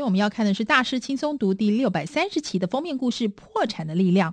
今天我們要看的是《大師輕鬆讀》第六百三十期的封面故事：破產的力量。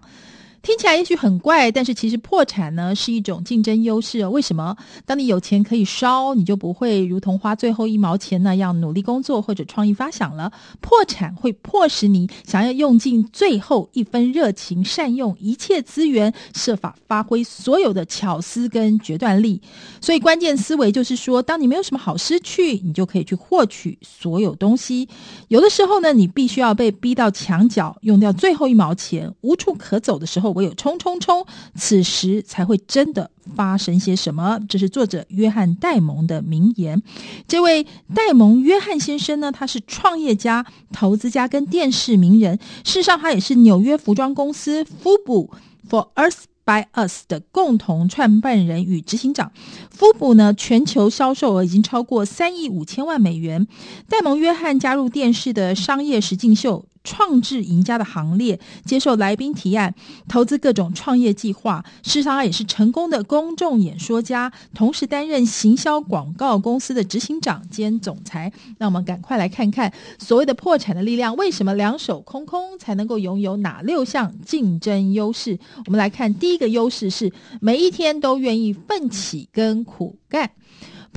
聽起來也許很怪，但是其實破產呢是一種競爭優勢哦。為什麼？當你有錢可以燒，你就不會如同花最後一毛錢那樣努力工作或者創意發想了。破產會迫使你想要用盡最後一分熱情，善用一切資源，設法發揮所有的巧思跟決斷力。所以關鍵思維就是說，當你沒有什麼好失去，你就可以去獲取所有東西。有的時候呢，你必須要被逼到牆角，用掉最後一毛錢，無處可走的時候。我有衝衝衝，此時才會真的發生些什麼。這是作者約翰·戴蒙的名言。這位戴蒙·約翰先生呢，他是創業家、投資家跟電視名人。事實上，他也是紐約服裝公司 FUBU For Us By Us 的共同創辦人與執行長。FUBU 呢，全球銷售額已經超過三億五千萬美元。戴蒙·約翰加入電視的商業實境秀創智贏家的行列，接受來賓提案，投資各種創業計劃。事實上，也是成功的公眾演說家，同時擔任行銷廣告公司的執行長兼總裁。那我們趕快來看看所謂的破產的力量，為什麼兩手空空才能夠擁有哪六項競爭優勢？我們來看第一個優勢是每一天都願意奮起跟苦幹。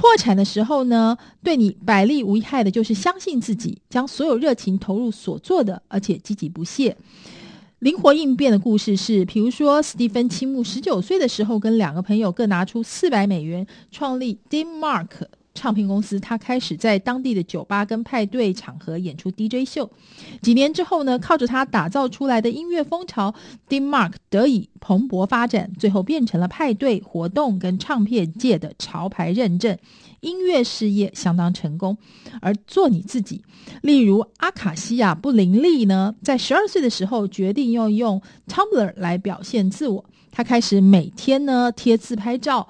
破產的時候呢，對你百利無一害的就是相信自己，將所有熱情投入所做的，而且積極不懈、靈活應變的故事是，比如說史蒂芬·青木十九歲的時候，跟兩個朋友各拿出四百美元，創立 Dim Mak。唱片公司，他開始在當地的酒吧跟派對場合演出 DJ 秀。幾年之後呢，靠着他打造出來的音樂風潮，Dim Mak 得以蓬勃發展，最後變成了派對活動跟唱片界的潮牌認證，音樂事業相當成功。而做你自己，例如阿卡西亞·布林利呢，在十二歲的時候決定要用 Tumblr 來表現自我，他開始每天呢貼自拍照。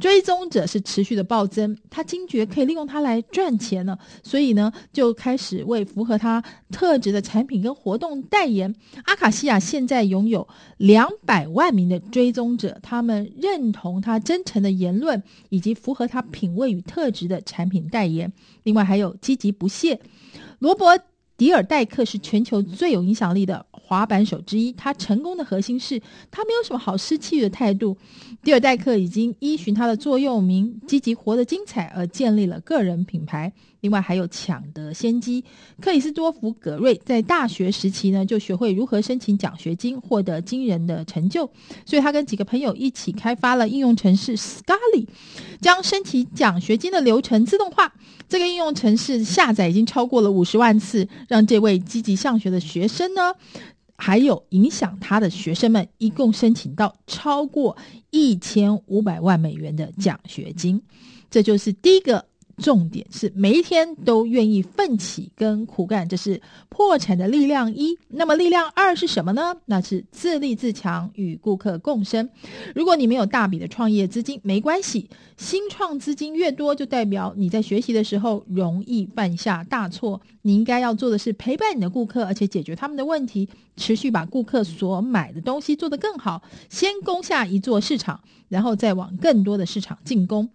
追蹤者是持續的暴增，他驚覺可以利用他來賺錢了，所以呢，就開始為符合他特質的產品跟活動代言。阿卡西亞現在擁有兩百萬名的追蹤者，他們認同他真誠的言論，以及符合他品味與特質的產品代言。另外還有積極不懈，羅伯·迪爾戴克是全球最有影響力的。滑板手之一，他成功的核心是他沒有什麼好失去的態度。迪爾戴克已經依循他的座右銘“積極活得精彩”而建立了個人品牌。另外還有搶得先機。克里斯多福·格瑞在大學時期呢，就學會如何申請獎學金，獲得驚人的成就。所以他跟幾個朋友一起開發了應用程式 Scarly，將申請獎學金的流程自動化。這個應用程式下載已經超過了五十萬次，讓這位積極上學的學生呢。還有影響他的學生們，一共申請到超過一千五百萬美元的獎學金，這就是第一個。重點是每一天都願意奮起跟苦幹，這是破產的力量一。那麼力量二是什麼呢？那是自立自強與顧客共生。如果你沒有大筆的創業資金，沒關係。新創資金越多，就代表你在學習的時候容易犯下大錯。你應該要做的是陪伴你的顧客，而且解決他們的問題，持續把顧客所買的東西做得更好。先攻下一座市場，然後再往更多的市場進攻。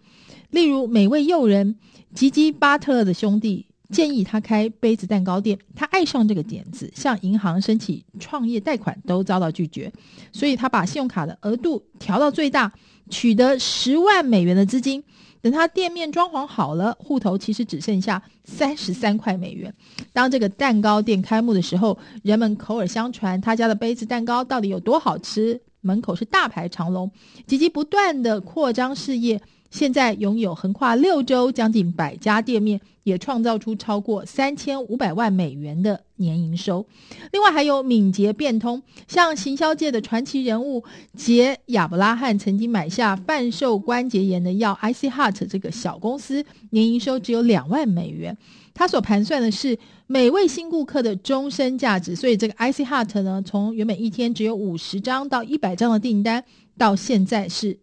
例如，美味誘人吉吉巴特的兄弟建議他開杯子蛋糕店，他愛上這個點子，向銀行申請創業貸款都遭到拒絕，所以他把信用卡的額度調到最大，取得十萬美元的資金。等他店面裝潢好了，戶頭其實只剩下三十三塊美元。當這個蛋糕店開幕的時候，人們口耳相傳他家的杯子蛋糕到底有多好吃，門口是大排長龍。吉吉不斷地擴張事業。現在擁有橫跨六州，將近百家店面，也創造出超過三千五百萬美元的年營收。另外還有敏捷變通，像行銷界的傳奇人物杰亞伯拉罕曾經買下販售關節炎的藥 Icy Hot 這個小公司，年營收只有兩萬美元。他所盤算的是每位新顧客的終身價值，所以這個 Icy Hot 呢，從原本一天只有五十張到一百張的訂單，到現在是。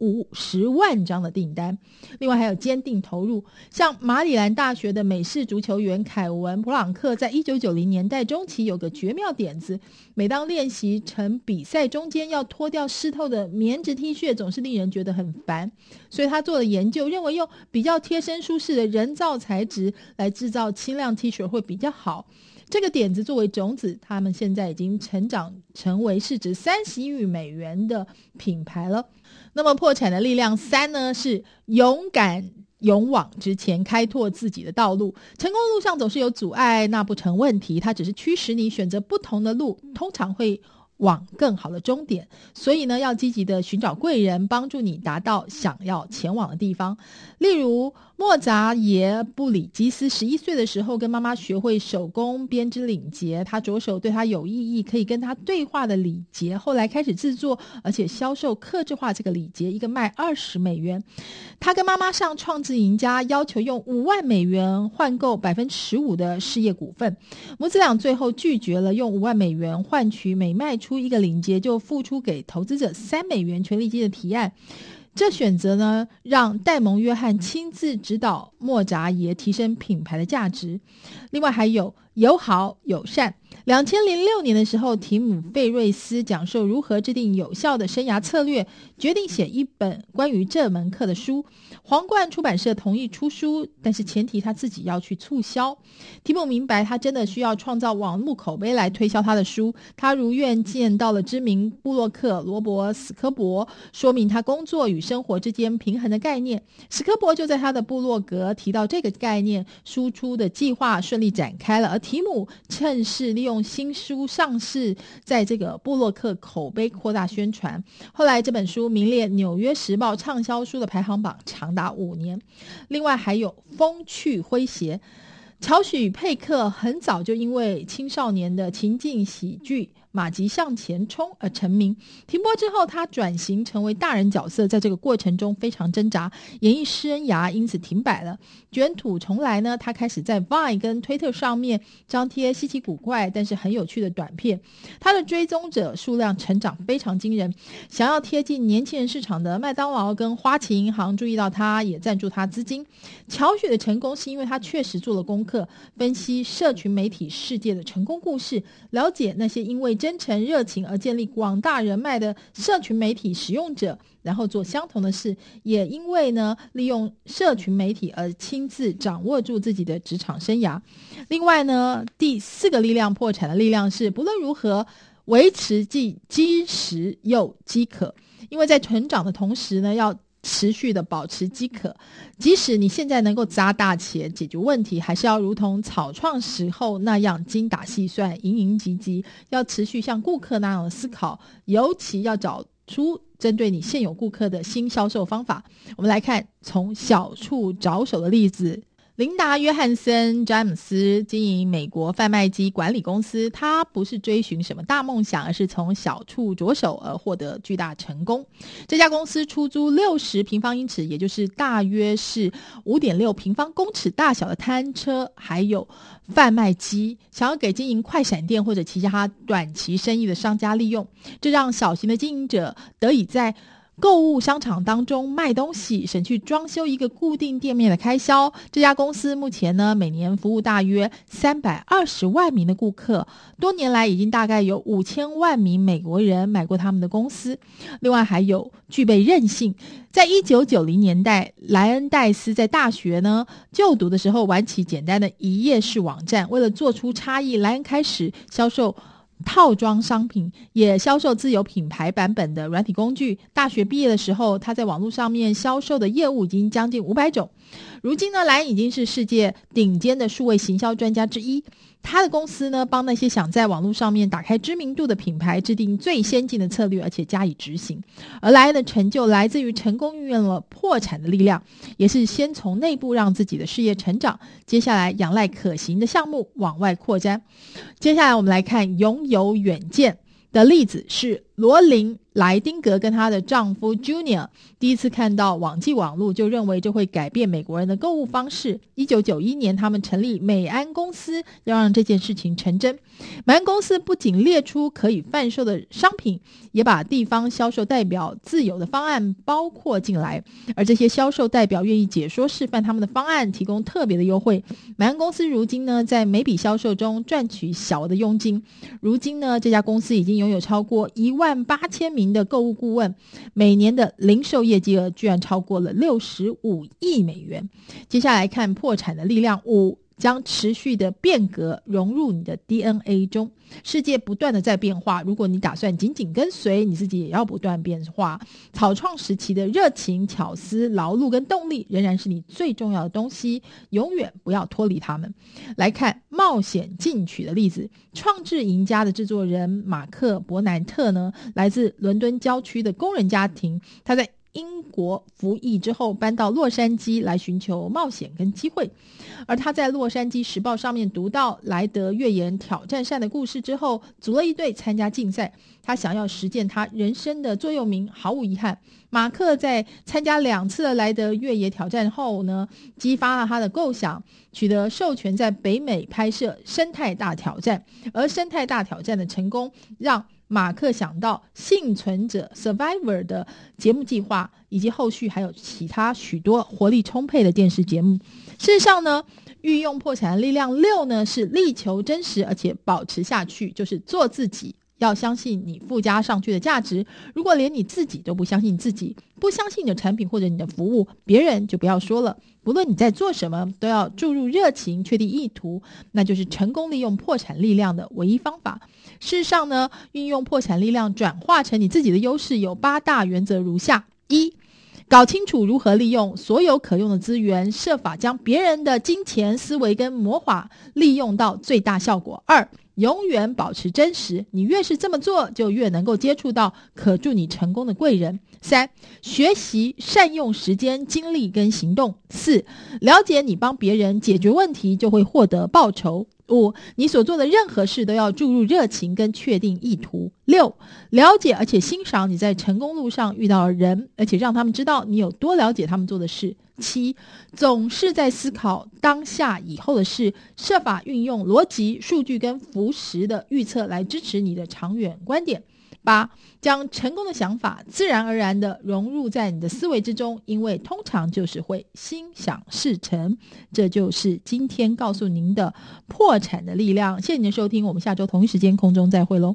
五十萬張的訂單，另外還有堅定投入。像馬里蘭大學的美式足球員凱文·普朗克，在一九九零年代中期有個絕妙點子：每當練習成比賽中間要脫掉濕透的棉質 T 恤，總是令人覺得很煩。所以他做了研究，認為用比較貼身舒適的人造材質來制造輕量 T 恤會比較好。這個點子作為種子，他們現在已經成長成為市值三十億美元的品牌了。那麼，破產的力量三呢？是勇敢、勇往直前、開拓自己的道路。成功路上總是有阻礙，那不成問題，它只是驅使你選擇不同的路，通常會。往更好的終點，所以呢，要積極的尋找貴人幫助你達到想要前往的地方。例如，莫扎耶布里吉斯十一歲的時候，跟媽媽學會手工編織領結。他着手對他有意義、可以跟他對話的領結，後來開始製作，而且銷售客製化這個領結，一個賣二十美元。他跟媽媽上創智贏家，要求用五萬美元換購百分之十五的事業股份。母子倆最後拒絕了，用五萬美元換取每賣出。出一個領結，就付出給投資者三美元權利金的提案。這選擇呢，讓戴蒙·約翰親自指導莫扎爺提升品牌的價值，另外還有。友好友善。兩千零六年的時候，提姆·費瑞斯講授如何制定有效的生涯策略，決定寫一本關於這門課的書。皇冠出版社同意出書，但是前提他自己要去促銷。提姆明白，他真的需要創造網絡口碑來推銷他的書。他如願見到了知名部落客羅伯·斯科伯，說明他工作與生活之間平衡的概念。斯科伯就在他的部落格提到這個概念，輸出的計劃順利展開了，提姆趁勢利用新書上市，在這個部落客口碑擴大宣傳。後來這本書名列《紐約時報》暢銷書的排行榜長達五年。另外還有風趣詼諧，喬許佩克很早就因為青少年的情境喜劇。馬吉向前衝而成名。停播之後，他轉型成為大人角色，在這個過程中非常掙扎，演藝生涯，因此停擺了。捲土重來呢？他開始在 Vine 跟推特上面張貼稀奇古怪但是很有趣的短片，他的追蹤者數量成長非常驚人。想要貼近年輕人市場的麥當勞跟花旗銀行注意到他，也贊助他資金。喬雪的成功是因為他確實做了功課，分析社群媒體世界的成功故事，了解那些因為。真誠熱情而建立廣大人脈的社群媒體使用者，然後做相同的事，也因為呢，利用社群媒體而親自掌握住自己的職場生涯。另外呢，第四個力量，破產的力量是，不論如何維持既飢食又飢渴，因為在成長的同時呢要。持續的保持飢渴，即使你現在能夠砸大錢解決問題，還是要如同草創時候那樣精打細算、營營汲汲。要持續像顧客那樣的思考，尤其要找出針對你現有顧客的新銷售方法。我們來看從小處着手的例子。琳達·約翰森·詹姆斯經營美國販賣機管理公司，他不是追尋什麼大夢想，而是從小處着手而獲得巨大成功。這家公司出租六十平方英尺，也就是大約是五點六平方公尺大小的攤車，還有販賣機，想要給經營快閃店或者其他短期生意的商家利用，這讓小型的經營者得以在購物商場當中賣東西，省去裝修一個固定店面的開銷。這家公司目前呢，每年服務大約三百二十萬名的顧客，多年來已經大概有五千萬名美國人買過他們的公司。另外還有具備韌性。在一九九零年代，萊恩戴斯在大學呢就讀的時候，玩起簡單的一頁式網站。為了做出差異，萊恩開始銷售。套裝商品，也銷售自有品牌版本的軟體工具。大學畢業的時候，他在網絡上面銷售的業務已經將近五百種。如今呢，萊恩已經是世界頂尖的數位行銷專家之一。他的公司呢，幫那些想在網絡上面打開知名度的品牌制定最先進的策略，而且加以執行。而萊恩的成就來自於成功運用了破產的力量，也是先從內部讓自己的事業成長，接下來仰賴可行的項目往外擴展。接下來我們來看擁有遠見的例子是。羅琳萊丁格跟她的丈夫 Junior 第一次看到網際網絡，就認為這會改變美國人的購物方式。一九九一年，他們成立美安公司，要讓這件事情成真。美安公司不僅列出可以販售的商品，也把地方銷售代表自有的方案包括進來。而這些銷售代表願意解說示範他們的方案，提供特別的優惠。美安公司如今呢，在每筆銷售中賺取小額的佣金。如今呢，這家公司已經擁有超過一萬萬八千名的購物顧問，每年的零售業績額居然超過了六十五億美元。接下來看破產的力量五。哦將持續的變革融入你的 DNA 中。世界不斷的在變化，如果你打算緊緊跟隨，你自己也要不斷變化。草創時期的熱情、巧思、勞碌跟動力，仍然是你最重要的東西，永遠不要脫離他們。來看冒險進取的例子，創智贏家的製作人馬克·伯南特呢，來自倫敦郊區的工人家庭，他在英國服役之後，搬到洛杉磯來尋求冒險跟機會。而他在《洛杉磯時報》上面讀到萊德越野挑戰賽的故事之後，組了一隊參加競賽。他想要實踐他人生的座右銘：毫無遺憾。馬克在參加兩次萊德越野挑戰後呢，激發了他的構想，取得授權在北美拍攝《生態大挑戰》。而《生態大挑戰》的成功，讓馬克想到倖存者 （Survivor） 的節目計劃，以及後續還有其他許多活力充沛的電視節目。事實上呢，運用破產的力量六呢，是力求真實，而且保持下去，就是做自己。要相信你附加上去的價值。如果連你自己都不相信自己，不相信你的產品或者你的服務，別人就不要說了。不論你在做什麼，都要注入熱情，確定意圖，那就是成功利用破產力量的唯一方法。事實上呢，運用破產力量轉化成你自己的優勢有八大原則，如下：一、搞清楚如何利用所有可用的資源，設法將別人的金錢、思維跟魔法利用到最大效果；二、永遠保持真實，你越是這麼做，就越能夠接觸到可助你成功的貴人。三、學習善用時間、精力跟行動。四、了解你幫別人解決問題就會獲得報酬。五、你所做的任何事都要注入熱情跟確定意圖。六、了解而且欣賞你在成功路上遇到的人，而且讓他們知道你有多了解他們做的事。七，總是在思考當下以後的事，設法運用邏輯、數據跟扶石的預測來支持你的長遠觀點。八，將成功的想法自然而然地融入在你的思維之中，因為通常就是會心想事成。這就是今天告訴您的破產的力量。謝謝您的收聽，我們下周同一時間空中再會嘍。